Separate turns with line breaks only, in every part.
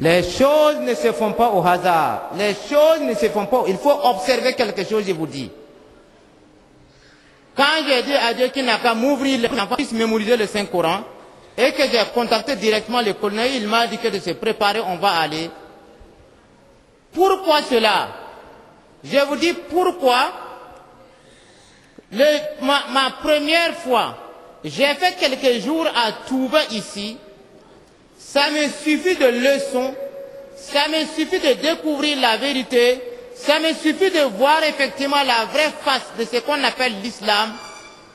Les choses ne se font pas au hasard. Les choses se font pas. Il faut observer quelque chose, je vous dis. Quand j'ai dit à Dieu qu'il n'a qu'à m'ouvrir les puisse mémoriser le Saint-Coran, et que j'ai contacté directement le colonel, il m'a dit que de se préparer, on va aller. Pourquoi cela Je vous dis pourquoi. Le, ma, première fois, j'ai fait quelques jours à Touba ici, Ça me suffit de leçons, ça me suffit de découvrir la vérité, ça me suffit de voir effectivement la vraie face de ce qu'on l'islam.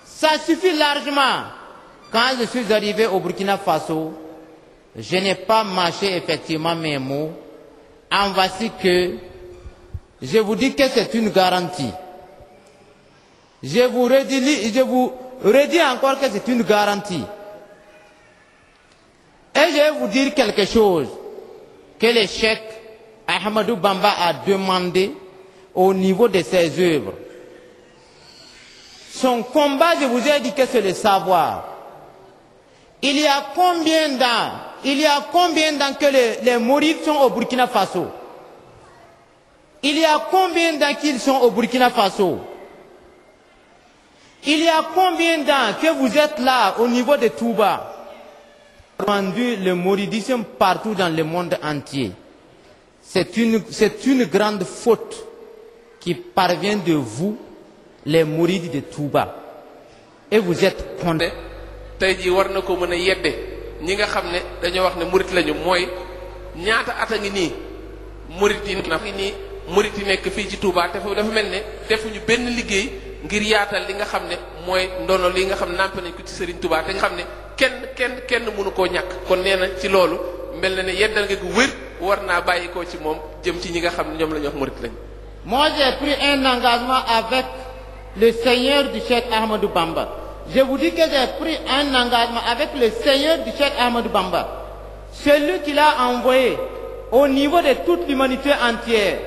Ça suffit largement. Quand je suis arrivé au Burkina Faso, je n'ai pas mâché effectivement mes mots. En que je vous dis que c'est une garantie. Je vous redis, encore que c'est une garantie. Et je dire quelque chose que l'échec Ahmadou Bamba a demandé au niveau de ses œuvres. Son combat, je vous ai dit que c'est le savoir. Il y combien d'ans, que les, les Maurites au Burkina Faso Il y combien d'ans qu'ils sont au Burkina Faso Il y combien d'ans que vous êtes là au niveau de Touba rendu le mouridisme partout dans le monde entier. C'est une, une, grande faute qui parvient de vous, les mourides de Touba. Et vous êtes condamnés.
ñi nga xam ne dañoo wax ne murit lañu mooy ñaata at a ngi nii murit yi na ngi nii murit yi nekk fii ci Touba te foofu dafa mel ne defuñu benn liggéey ngir yaatal li nga xam ne mooy ndono li nga xam ne nàmp nañ ko ci Serigne Touba te nga xam ne kenn kenn kenn mënu koo ñàkk kon nee na ci loolu mel na ne yeddal nga gu wér war naa bàyyi koo ci moom jëm ci ñi nga xam ne ñoom la ñu wax murit lañ.
Moi j'ai pris un engagement avec le Seigneur du Cheikh Ahmadou Bamba je vous dis que j'ai pris un engagement avec le Seigneur di Cheikh Ahmadou Bamba celui qui l'a envoyé au niveau de toute l'humanité entière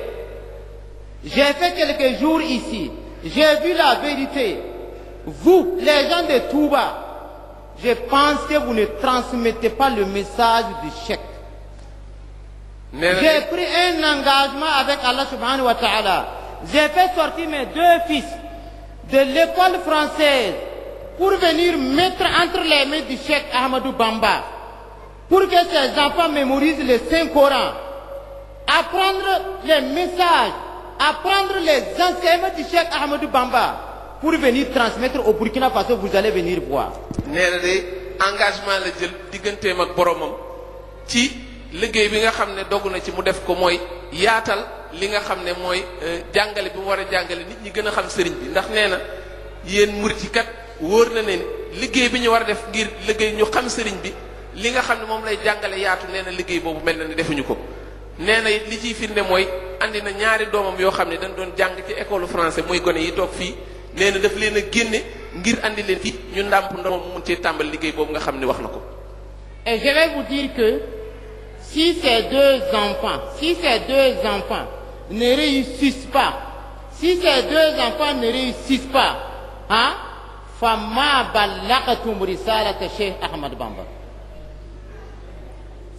j'ai fait quelques jours ici J'ai vu la vérité. Vous, les gens de Touba, je pense que vous ne transmettez pas le message du chèque. J'ai pris un engagement avec Allah subhanahu wa J'ai fait sortir mes deux fils de l'école française pour mettre entre les mains du chèque Ahmadou Bamba, pour que ces enfants mémorisent le Saint-Coran, apprendre les messages à prendre les enseignements du Cheikh Ahmadou Bamba pour venir transmettre au Burkina Faso vous allez venir voir.
nee na de engagement la jël digganteem ak boromam ci liggéey bi nga xam ne dogu na ci mu def ko mooy yaatal li nga xam ne mooy euh, jàngale bi mu war a jàngale nit ñi gën a xam sëriñ bi ndax nee na yéen murit yi kat wóor na ne liggéey bi ñu war a def ngir liggéey ñu xam sëriñ bi li nga xam ne moom lay jàngale yaatu nee na liggéey boobu mel na ne defuñu ko nee li ciy firnde mooy. andi na ñaari doomam yoo xam ne dañ doon jàng ci école français mooy gone yi toog fii nee na daf leen a génne ngir andi leen fii ñu ndàmp ndoomam mun cee tàmbali liggéey boobu nga xam ne wax na ko.
Et je vais vous dire que si ces deux enfants, si ces deux enfants ne réussissent pas, si ces deux enfants ne réussissent pas, hein, فما بلغتم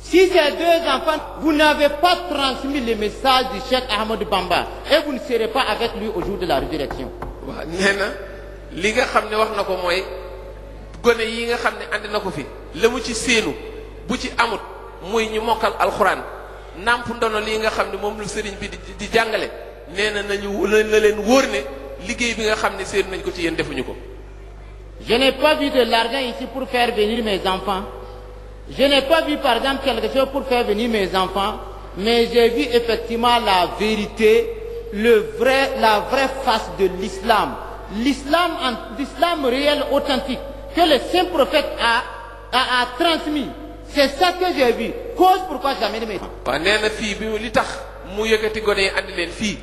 Si ces deux enfants, vous n'avez pas transmis le message du Cheikh Ahmadou Bamba et vous ne serez pas avec lui au de la résurrection. waaw
nee na li nga xam ne wax na ko mooy gone yi nga xam ne ànd na ko fi la mu ci séenu bu ci amut muy ñu mokkal alxuraan nàmp ndono lii nga xam ne moom lu sëriñ bi di jàngale nee na nañu na leen wóor ne liggéey bi nga xam ne séenu nañ ko ci yéen defuñu ko.
Je n'ai pas vu de l'argent ici pour faire venir mes enfants. Je n'ai pas vu, par exemple, quelque chose pour faire venir mes enfants, mais j'ai vu effectivement la vérité, le vrai, la vraie face de l'islam. L'islam, l'islam réel, authentique, que le saint prophète a, a, a transmis. C'est ça que j'ai vu. Cause pourquoi j'amène mes enfants.
waaw nee fii bi li tax mu yëkkati gone yi leen fii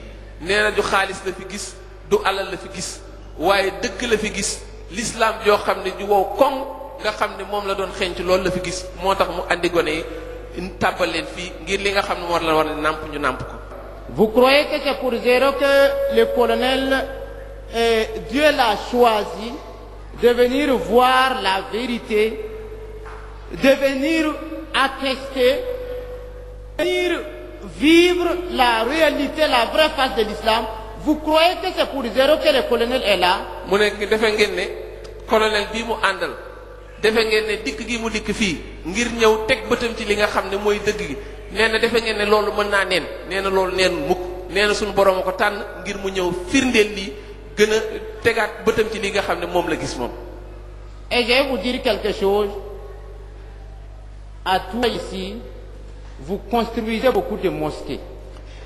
nee na xaalis la fi gis du alal la fi gis waaye dëkk la fi gis l'islam joo xam ne ju wow koŋ nga xam ne moom la doon xeeñtu loolu la fi gis moo tax mu andi gone yi tàbbal leen fii ngir li nga xam ne moo la war ne nàmp ñu nàmp ko
vous croyez que c'est pour zéro que le colonel euh, Dieu l'a choisi de venir voir la vérité de venir attester vivre la réalité la vraie face de l'islam vous croyez que c'est pour zéro que le colonel est là
mu nekk defe ngeen ne colonel bii mu àndal defe ngeen ne dikk gi mu dikk fii ngir ñëw teg bëtam ci li nga xam ne mooy dëgg gi nee na defe ngeen ne loolu mën naa neen nee na loolu neen mukk nee suñu borom a ko tànn ngir mu ñëw firndeel lii gën a tegaat bëtam ci li nga xam ne moom la gis moom.
Et je vais vous dire quelque chose à toi ici vous construisez beaucoup de mosquées.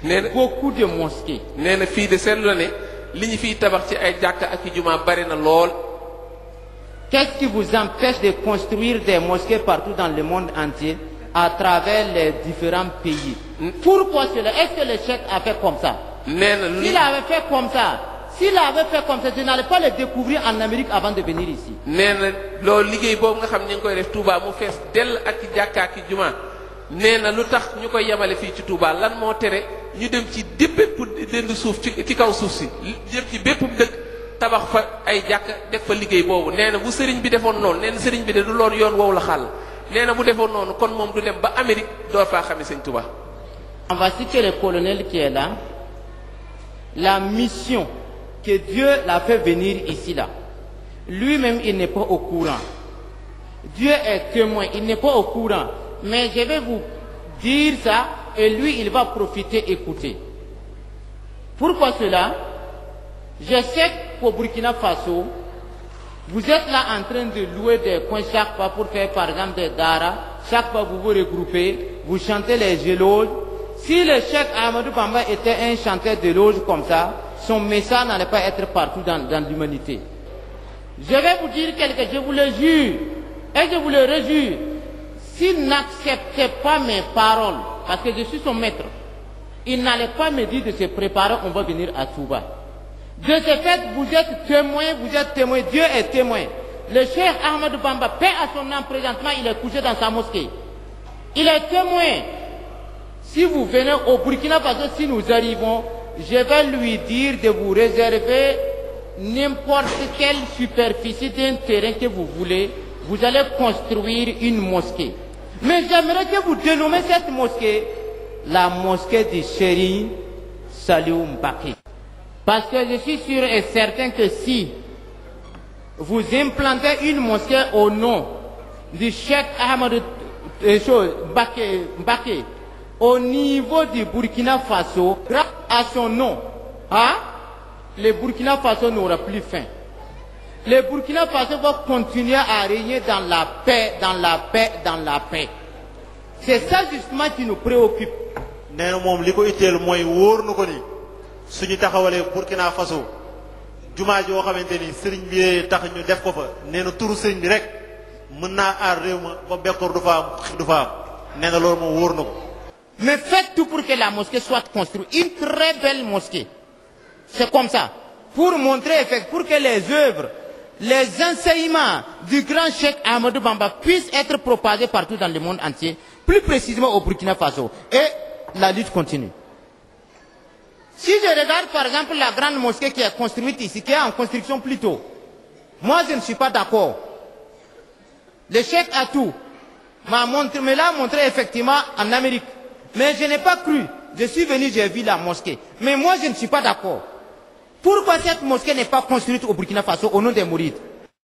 nee na beaucoup de mosquées. nee na fii de seetlu na ne li ñu fiy tabax ci ay jàkka ak i jumaa bari na lool. Qu'est-ce qui vous empêche de construire des mosquées partout dans le monde entier à travers les différents pays mm. Pourquoi cela Est-ce que le chef a fait comme ça S'il avait fait comme ça, s'il avait fait comme ça, je n'allais pas le découvrir en Amérique avant de venir ici.
nee na loolu liggéey boobu nga xam ñu ngi koy def Touba mu fees dell ak ci jàkkaa ki juma nee na lu tax ñu koy yemale fii ci Touba lan moo tere ñu dem ci bépp dënd suuf ci ci kaw suuf si tabax fa ay jàkk def fa liggéey boobu nee na bu sëriñ bi defoon noonu nee na sëriñ bi de du yoon wow la xàll nee na bu defoon noonu kon moom du dem ba Amérique door faa xamee sëñ Touba.
On va citer le colonel qui est La mission que Dieu l'a fait venir ici-là. Lui-même, il n'est pas au courant. Dieu est témoin, il n'est pas au courant. Mais je vais vous dire ça et lui, il va profiter, écouter. Pourquoi cela? Je sais au Burkina Faso, vous êtes là en de louer des coins chaque fois pour faire par exemple des daras. Chaque fois vous vous regroupez, vous chantez les géloges. Si le chef Ahmadou Bamba était un chanteur de loge comme ça, son message n'allait pas être partout dans, dans Je vais vous dire quelque je vous le jure, et je vous le rejure. S'il n'acceptait pas mes paroles, parce que je suis son maître, il n'allait pas me dire de se préparer, on va venir à Touba. De ce fait, vous êtes témoin, vous êtes témoin, Dieu est témoin. Le cher Ahmed Bamba, paix à son âme présentement, il est couché dans sa mosquée. Il est témoin. Si vous venez au Burkina Faso, si nous arrivons, je vais lui dire de vous réserver n'importe quelle superficie d'un terrain que vous voulez. Vous allez construire une mosquée. Mais j'aimerais que vous dénommez cette mosquée la mosquée du chéri Saliou Mbaki. Parce que je suis sûr et certain que si vous implantez une mosquée au nom du Cheikh Ahmed euh, Baké, au niveau du Burkina Faso, grâce à son nom, hein, le Burkina Faso n'aura plus faim. Le Burkina Faso va continuer à régner dans la paix, dans la paix, dans la paix. C'est ça justement qui nous préoccupe. su ñu taxawalee Burkina Faso jumaa joo xamante ni sëriñ bi tax ñu def ko fa nee na turu sëriñ bi rek mën naa aar réew ma ba bekkoor du fa am du fa am nee wóor na ko. mais faites tout pour que la mosquée soit construite une très belle mosquée c'est comme ça pour montrer pour que les œuvres les enseignements du grand cheikh Ahmadou Bamba puissent être propagés partout dans le monde entier, plus précisément au Burkina Faso. Et la lutte continue. Si je regarde par exemple la grande mosquée qui est construite ici, qui est en construction plus tôt, moi je ne suis pas d'accord. Le chef Atou m'a montré, me l'a montré effectivement en Amérique. Mais je n'ai pas cru. Je suis venu, j'ai vu la mosquée. Mais moi je ne suis pas d'accord. Pourquoi cette mosquée n'est pas construite au Burkina Faso au nom des Mourides